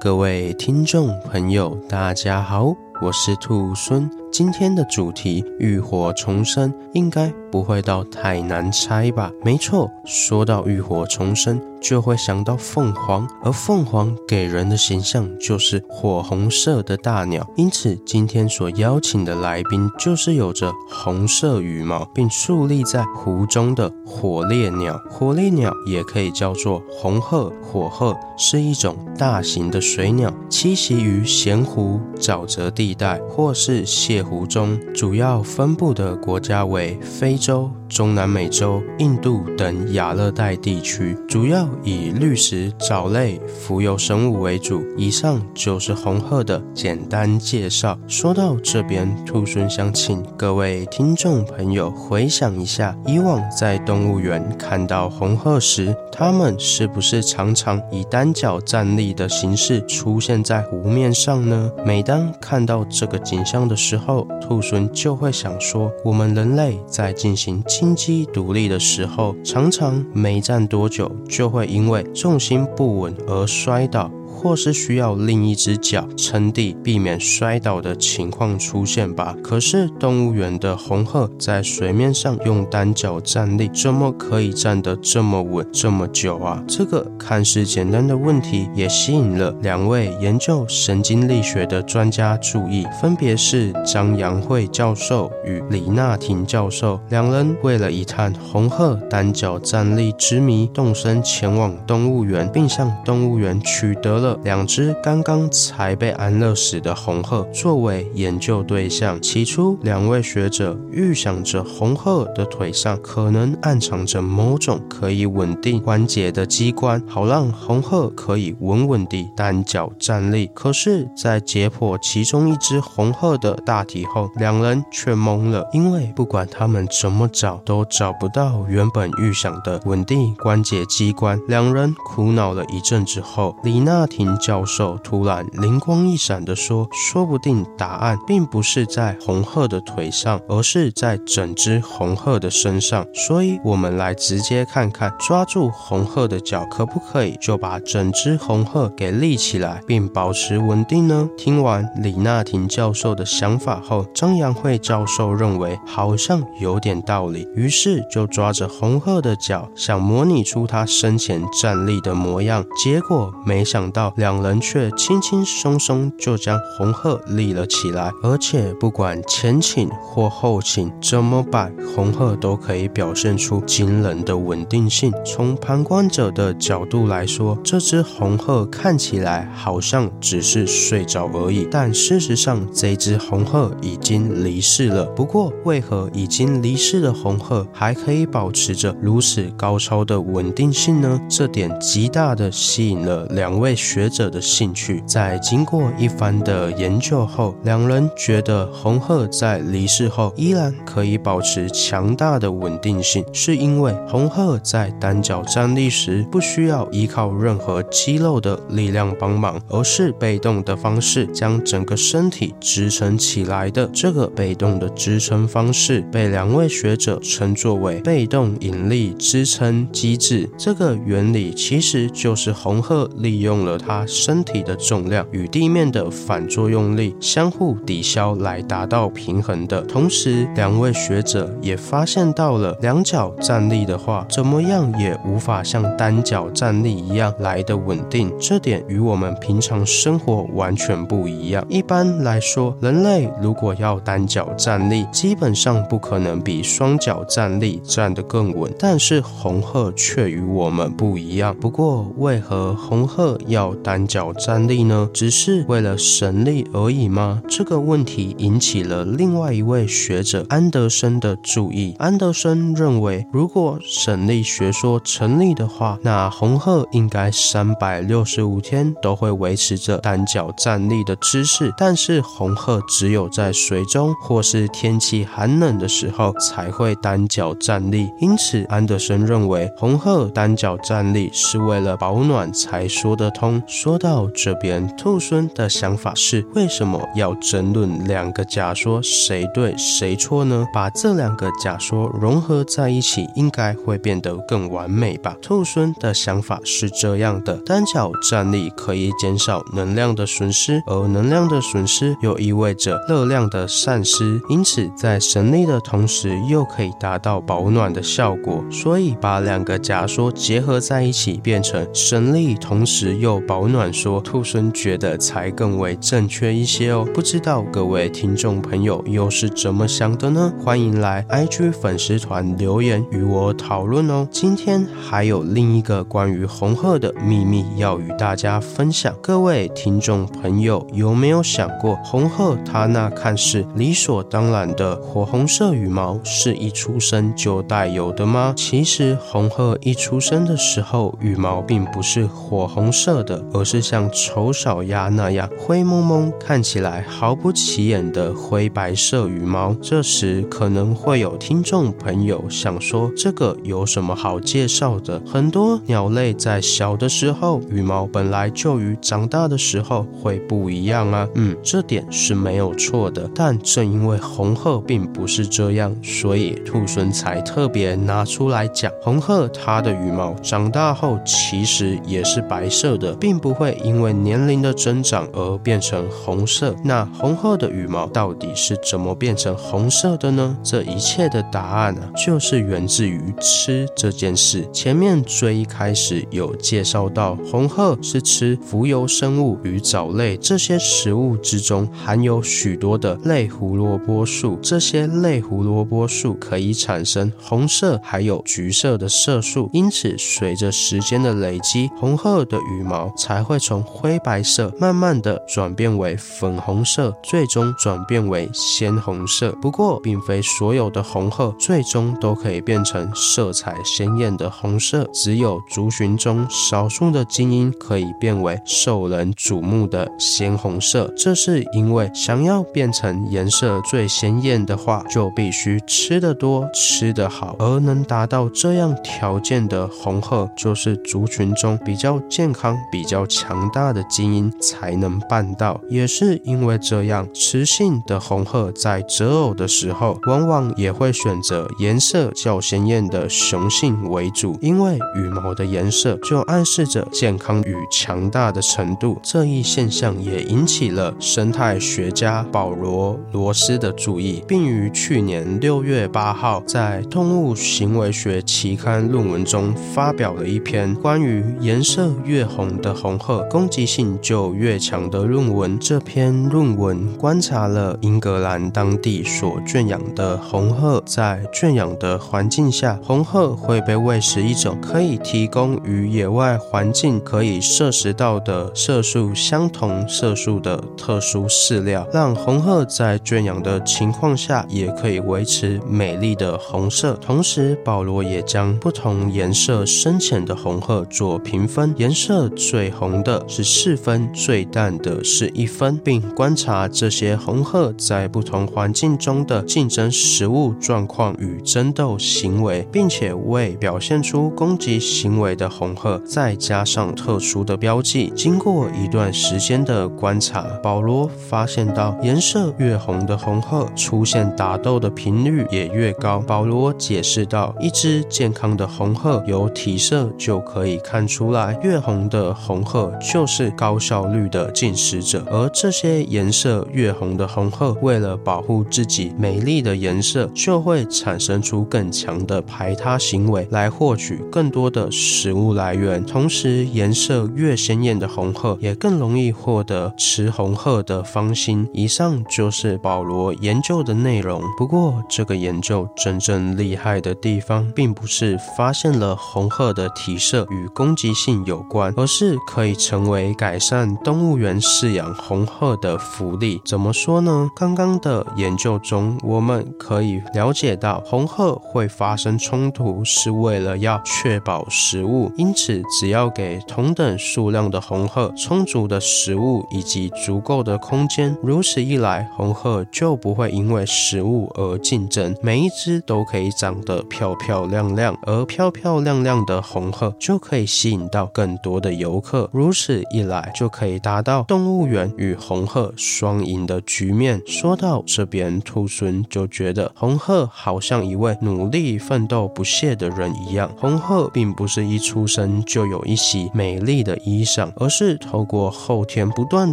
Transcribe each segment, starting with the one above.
各位聽眾朋友，大家好，我是兔猻。今天的主題“浴火重生”應該不會到太難猜吧？沒錯，說到“浴火重生”，就會想到鳳凰，而鳳凰給人的形象就是火紅色的大鳥。因此，今天所邀請的來賓就是有着紅色羽毛並矗立在湖中的火烈鳥。火烈鳥也可以叫做紅鶴、火鶴，是一種大型的水鳥，棲息於鹹湖、沼澤地帶或是鹹。湖中，主要分布的國家為非洲、中南美洲、印度等亞熱帶地區，主要以綠石藻類、浮游生物為主。以上就是紅鶴的簡單介紹。說到這邊，兔猻想請各位聽眾朋友回想一下，以往在動物園看到紅鶴時，它們是不是常常以單腳站立的形式出現在湖面上呢？每當看到這個景象的時候，兔猻就會想說，我們人類在進行金雞獨立的時候，常常沒站多久就會因為重心不穩而摔倒。或是需要另一隻腳撐地，避免摔倒的情況出現吧。可是動物園的紅鶴在水面上用單腳站立，怎麼可以站得這麼穩這麼久啊？這個看似簡單的問題也吸引了兩位研究神經力學的專家注意，分別是張楊慧教授與李娜婷教授。兩人為了一探紅鶴單腳站立之謎，動身前往動物園，並向動物園取得了，兩隻剛剛才被安樂死的紅鶴作為研究對象。起初，兩位學者預想着紅鶴的腿上可能暗藏着某種可以穩定關節的機關，好讓紅鶴可以穩穩地單腳站立。可是，在解剖其中一隻紅鶴的大體後，兩人卻懵了，因為不管他們怎麼找，都找不到原本預想的穩定關節機關。兩人苦惱了一陣之後，李娜。婷教授突然靈光一閃地說：“說不定答案並不是在紅鶴的腿上，而是在整隻紅鶴的身上。所以，我們來直接看看，抓住紅鶴的腳可不可以就把整隻紅鶴給立起來，並保持穩定呢？”聽完李娜婷教授的想法後，張楊慧教授認為好像有點道理，於是就抓着紅鶴的腳，想模擬出他生前站立的模樣。結果沒想到。兩人卻輕輕鬆鬆就將紅鶴立了起來，而且不管前傾或後傾怎麼擺，紅鶴都可以表現出驚人的穩定性。從旁觀者的角度來說，這隻紅鶴看起來好像只是睡着而已，但事實上這隻紅鶴已經離世了。不過，為何已經離世的紅鶴還可以保持着如此高超的穩定性呢？這點極大的吸引了兩位學。學者的興趣，在經過一番的研究後，兩人覺得紅鶴在離世後依然可以保持強大的穩定性，是因為紅鶴在單腳站立時不需要依靠任何肌肉的力量幫忙，而是被動的方式將整個身體支撐起來的。這個被動的支撐方式被兩位學者稱作為被動引力支撐機制。這個原理其實就是紅鶴利用了它它身體的重量與地面的反作用力相互抵消來達到平衡的同時，兩位學者也發現到了，兩腳站立的話，怎麼樣也無法像單腳站立一樣來得穩定，這點與我們平常生活完全不一樣。一般來說，人類如果要單腳站立，基本上不可能比雙腳站立站得更穩。但是紅鶴卻與我們不一樣。不過，為何紅鶴要單腳站立呢，只是為了省力而已嗎？這個問題引起了另外一位學者安德森的注意。安德森認為，如果省力學說成立的話，那紅鶴應該三百六十五天都會維持着單腳站立的姿勢。但是紅鶴只有在水中或是天氣寒冷的時候才會單腳站立。因此，安德森認為紅鶴單腳站立是為了保暖才說得通。說到這邊，兔猻的想法是：為什麼要爭論兩個假說誰對誰錯呢？把這兩個假說融合在一起，應該會變得更完美吧？兔猻的想法是這樣的：單腳站立可以減少能量的損失，而能量的損失又意味着熱量的散失，因此在省力的同時又可以達到保暖的效果。所以，把兩個假說結合在一起，變成省力，同時又保暖說，兔猻覺得才更為正確一些哦，不知道各位聽眾朋友又是怎麼想的呢？歡迎來 IG 粉絲團留言與我討論哦。今天還有另一個關於紅鶴的秘密要與大家分享。各位聽眾朋友有沒有想過，紅鶴它那看似理所當然的火紅色羽毛是一出生就帶有的嗎？其實紅鶴一出生的時候，羽毛並不是火紅色的。而是像醜小鴨那樣灰蒙蒙，看起來毫不起眼的灰白色羽毛。這時可能會有聽眾朋友想說：“這個有什麼好介紹的？”很多鳥類在小的時候羽毛本來就與長大的時候會不一樣啊。嗯，這點是沒有錯的。但正因為紅鶴並不是這樣，所以兔猻才特別拿出來講。紅鶴它的羽毛長大後其實也是白色的。並不會因為年齡的增長而變成紅色。那紅鶴的羽毛到底是怎麼變成紅色的呢？這一切的答案啊，就是源自於吃這件事。前面最一開始有介紹到，紅鶴是吃浮游生物與藻類，這些食物之中含有許多的類胡蘿蔔素。這些類胡蘿蔔素可以產生紅色，還有橘色的色素。因此，隨着時間的累積，紅鶴的羽毛，才會從灰白色慢慢的轉變為粉紅色，最終轉變為鮮紅色。不過，並非所有的紅鶴最終都可以變成色彩鮮豔的紅色，只有族群中少數的精英可以變為受人矚目的鮮紅色。這是因為想要變成顏色最鮮豔的話，就必須吃得多，吃得好，而能達到這樣條件的紅鶴，就是族群中比較健康比，比較強大的基因才能辦到，也是因為這樣，雌性的紅鶴在擇偶的時候，往往也會選擇顏色較鮮豔的雄性為主，因為羽毛的顏色就暗示着健康與強大的程度。這一現象也引起了生態學家保羅·羅斯的注意，並於去年六月八號在《動物行為學》期刊論文中發表了一篇關於顏色越紅的。紅鶴攻擊性就越強的論文。這篇論文觀察了英格蘭當地所圈養的紅鶴，在圈養的環境下，紅鶴會被餵食一種可以提供與野外環境可以攝食到的色素相同色素的特殊飼料，讓紅鶴在圈養的情況下也可以維持美麗的紅色。同時，保羅也將不同顏色深淺的紅鶴做評分，顏色最紅的是四分，最淡的是一分，並觀察這些紅鶴在不同環境中的競爭食物狀況與爭鬥行為，並且為表現出攻擊行為的紅鶴再加上特殊的標記。經過一段時間的觀察，保羅發現到顏色越紅的紅鶴出現打鬥的頻率也越高。保羅解釋道，一只健康的紅鶴由體色就可以看出來，越紅的紅。紅鶴就是高效率的進食者，而這些顏色越紅的紅鶴，為了保護自己美麗的顏色，就會產生出更強的排他行為來獲取更多的食物來源。同時，顏色越鮮豔的紅鶴，也更容易獲得雌紅鶴的芳心。以上就是保羅研究的內容。不過，這個研究真正厲害的地方，並不是發現了紅鶴的體色與攻擊性有關，而是。可以成為改善動物園飼養紅鶴的福利。怎麼說呢？剛剛的研究中，我們可以了解到，紅鶴會發生衝突是為了要確保食物。因此，只要給同等數量的紅鶴充足的食物以及足夠的空間，如此一來，紅鶴就不會因為食物而競爭，每一隻都可以長得漂漂亮亮。而漂漂亮亮的紅鶴就可以吸引到更多的遊客。如此一來，就可以達到動物園與紅鶴雙贏的局面。說到這邊，兔猻就覺得紅鶴好像一位努力奮鬥、不懈的人一樣。紅鶴並不是一出生就有一襲美麗的衣裳，而是透過後天不斷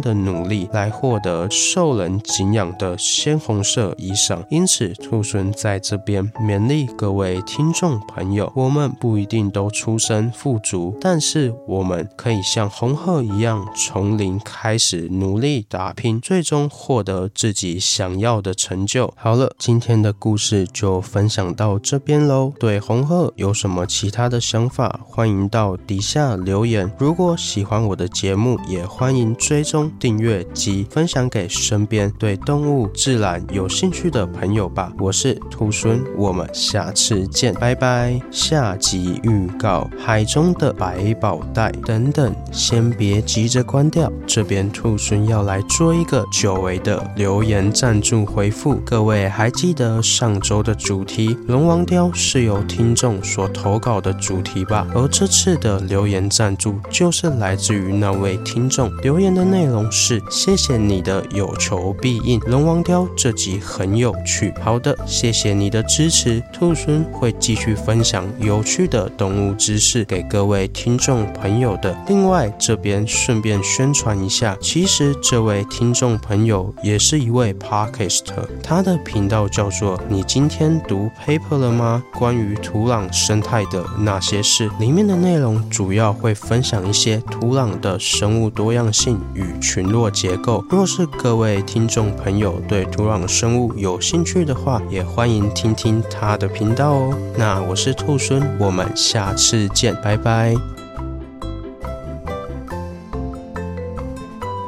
的努力來獲得受人敬仰的鮮紅色衣裳。因此，兔猻在這邊勉勵各位聽眾朋友：我們不一定都出身富足，但是我們可以，像紅鶴一樣從零開始努力打拼，最終獲得自己想要的成就。好了，今天的故事就分享到這邊嘍。對紅鶴有什麼其他的想法，歡迎到底下留言。如果喜歡我的節目，也歡迎追蹤訂閱及分享給身邊對動物自然有興趣的朋友吧。我是兔猻，我們下次見，拜拜。下集預告：海中的百寶袋等等。先別急着關掉，這邊兔猻要來做一個久違的留言贊助回复。各位還記得上周的主題“龍王雕”是由聽眾所投稿的主題吧？而這次的留言贊助就是來自於那位聽眾留言的內容是：“謝謝你的有求必應，龍王雕這集很有趣。”好的，謝謝你的支持，兔猻會繼續分享有趣的動物知識給各位聽眾朋友的。另外。另外，這邊順便宣傳一下，其實這位聽眾朋友也是一位 Podcaster，他的頻道叫做“你今天讀 paper 了嗎？關於土壤生態的那些事”，裡面的內容主要會分享一些土壤的生物多樣性與群落結構。若是各位聽眾朋友對土壤生物有興趣的話，也歡迎聽聽他的頻道哦。那我是兔猻，我們下次見，拜拜。